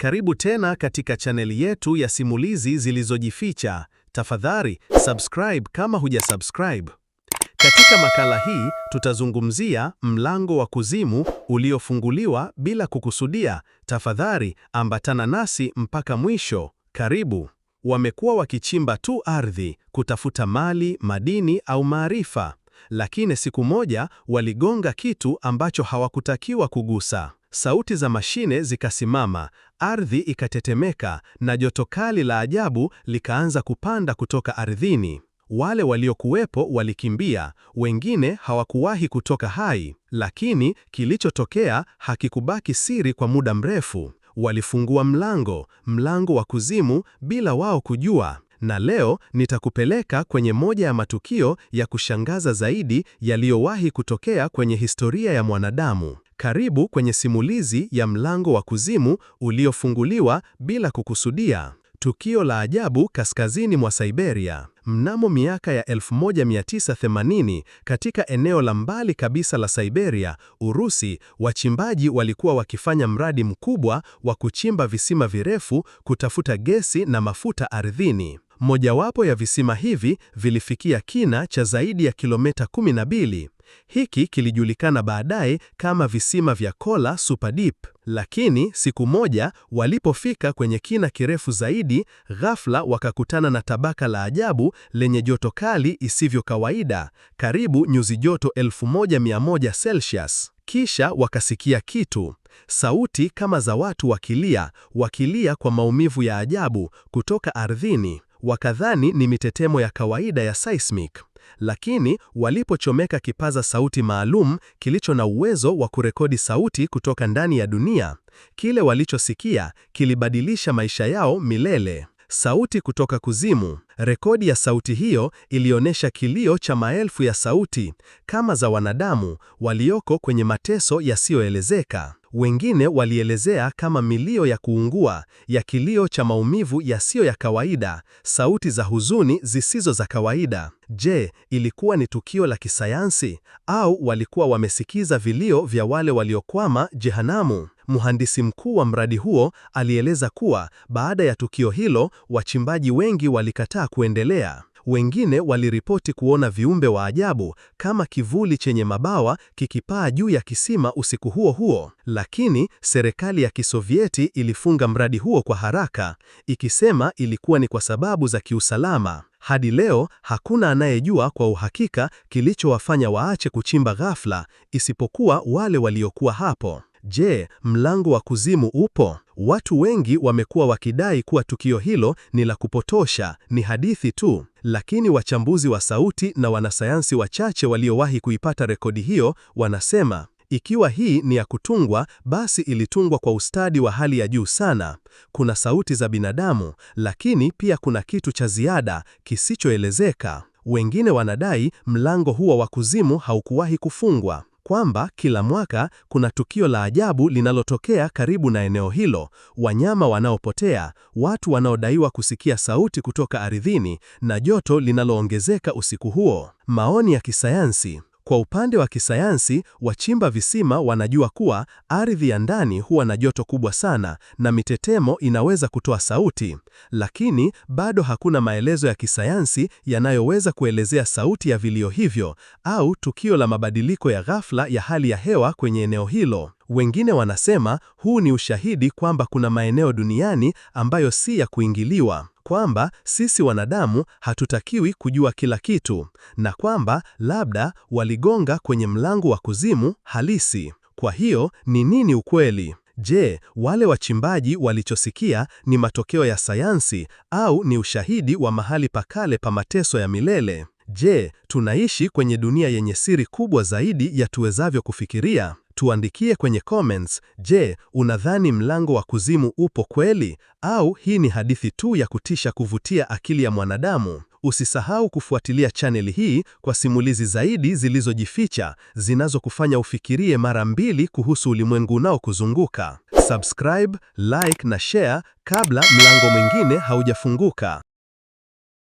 Karibu tena katika chaneli yetu ya simulizi zilizojificha. Tafadhali subscribe kama hujasubscribe. Katika makala hii tutazungumzia mlango wa kuzimu uliofunguliwa bila kukusudia. Tafadhali ambatana nasi mpaka mwisho. Karibu. Wamekuwa wakichimba tu ardhi kutafuta mali, madini au maarifa, lakini siku moja waligonga kitu ambacho hawakutakiwa kugusa. Sauti za mashine zikasimama, ardhi ikatetemeka na joto kali la ajabu likaanza kupanda kutoka ardhini. Wale waliokuwepo walikimbia, wengine hawakuwahi kutoka hai, lakini kilichotokea hakikubaki siri kwa muda mrefu. Walifungua mlango, mlango wa kuzimu bila wao kujua. Na leo nitakupeleka kwenye moja ya matukio ya kushangaza zaidi yaliyowahi kutokea kwenye historia ya mwanadamu. Karibu kwenye simulizi ya mlango wa kuzimu uliofunguliwa bila kukusudia. Tukio la ajabu kaskazini mwa Siberia. Mnamo miaka ya 1980 katika eneo la mbali kabisa la Siberia, Urusi, wachimbaji walikuwa wakifanya mradi mkubwa wa kuchimba visima virefu kutafuta gesi na mafuta ardhini. Mojawapo ya visima hivi vilifikia kina cha zaidi ya kilomita 12. Hiki kilijulikana baadaye kama visima vya Kola Super Deep, lakini siku moja walipofika kwenye kina kirefu zaidi, ghafla wakakutana na tabaka la ajabu lenye joto kali isivyo kawaida, karibu nyuzi joto 1100 Celsius. Kisha wakasikia kitu, sauti kama za watu wakilia, wakilia kwa maumivu ya ajabu kutoka ardhini. Wakadhani ni mitetemo ya kawaida ya seismic lakini walipochomeka kipaza sauti maalum kilicho na uwezo wa kurekodi sauti kutoka ndani ya dunia, kile walichosikia kilibadilisha maisha yao milele. Sauti kutoka kuzimu. Rekodi ya sauti hiyo ilionyesha kilio cha maelfu ya sauti kama za wanadamu walioko kwenye mateso yasiyoelezeka. Wengine walielezea kama milio ya kuungua, ya kilio cha maumivu yasiyo ya kawaida, sauti za huzuni zisizo za kawaida. Je, ilikuwa ni tukio la kisayansi au walikuwa wamesikiza vilio vya wale waliokwama jehanamu? Mhandisi mkuu wa mradi huo alieleza kuwa baada ya tukio hilo, wachimbaji wengi walikataa kuendelea. Wengine waliripoti kuona viumbe wa ajabu kama kivuli chenye mabawa kikipaa juu ya kisima usiku huo huo, lakini serikali ya Kisovieti ilifunga mradi huo kwa haraka, ikisema ilikuwa ni kwa sababu za kiusalama. Hadi leo hakuna anayejua kwa uhakika kilichowafanya waache kuchimba ghafla, isipokuwa wale waliokuwa hapo. Je, mlango wa kuzimu upo? Watu wengi wamekuwa wakidai kuwa tukio hilo ni la kupotosha, ni hadithi tu, lakini wachambuzi wa sauti na wanasayansi wachache waliowahi kuipata rekodi hiyo wanasema ikiwa hii ni ya kutungwa, basi ilitungwa kwa ustadi wa hali ya juu sana. Kuna sauti za binadamu, lakini pia kuna kitu cha ziada kisichoelezeka. Wengine wanadai mlango huo wa kuzimu haukuwahi kufungwa kwamba kila mwaka kuna tukio la ajabu linalotokea karibu na eneo hilo, wanyama wanaopotea, watu wanaodaiwa kusikia sauti kutoka ardhini na joto linaloongezeka usiku huo. Maoni ya kisayansi. Kwa upande wa kisayansi, wachimba visima wanajua kuwa ardhi ya ndani huwa na joto kubwa sana na mitetemo inaweza kutoa sauti, lakini bado hakuna maelezo ya kisayansi yanayoweza kuelezea sauti ya vilio hivyo au tukio la mabadiliko ya ghafla ya hali ya hewa kwenye eneo hilo. Wengine wanasema huu ni ushahidi kwamba kuna maeneo duniani ambayo si ya kuingiliwa, kwamba sisi wanadamu hatutakiwi kujua kila kitu, na kwamba labda waligonga kwenye mlango wa kuzimu halisi. Kwa hiyo ni nini ukweli? Je, wale wachimbaji walichosikia ni matokeo ya sayansi au ni ushahidi wa mahali pa kale pa mateso ya milele? Je, tunaishi kwenye dunia yenye siri kubwa zaidi ya tuwezavyo kufikiria? tuandikie kwenye comments, je, unadhani mlango wa kuzimu upo kweli au hii ni hadithi tu ya kutisha kuvutia akili ya mwanadamu? Usisahau kufuatilia chaneli hii kwa simulizi zaidi zilizojificha zinazokufanya ufikirie mara mbili kuhusu ulimwengu unaokuzunguka. Subscribe, like na share kabla mlango mwingine haujafunguka.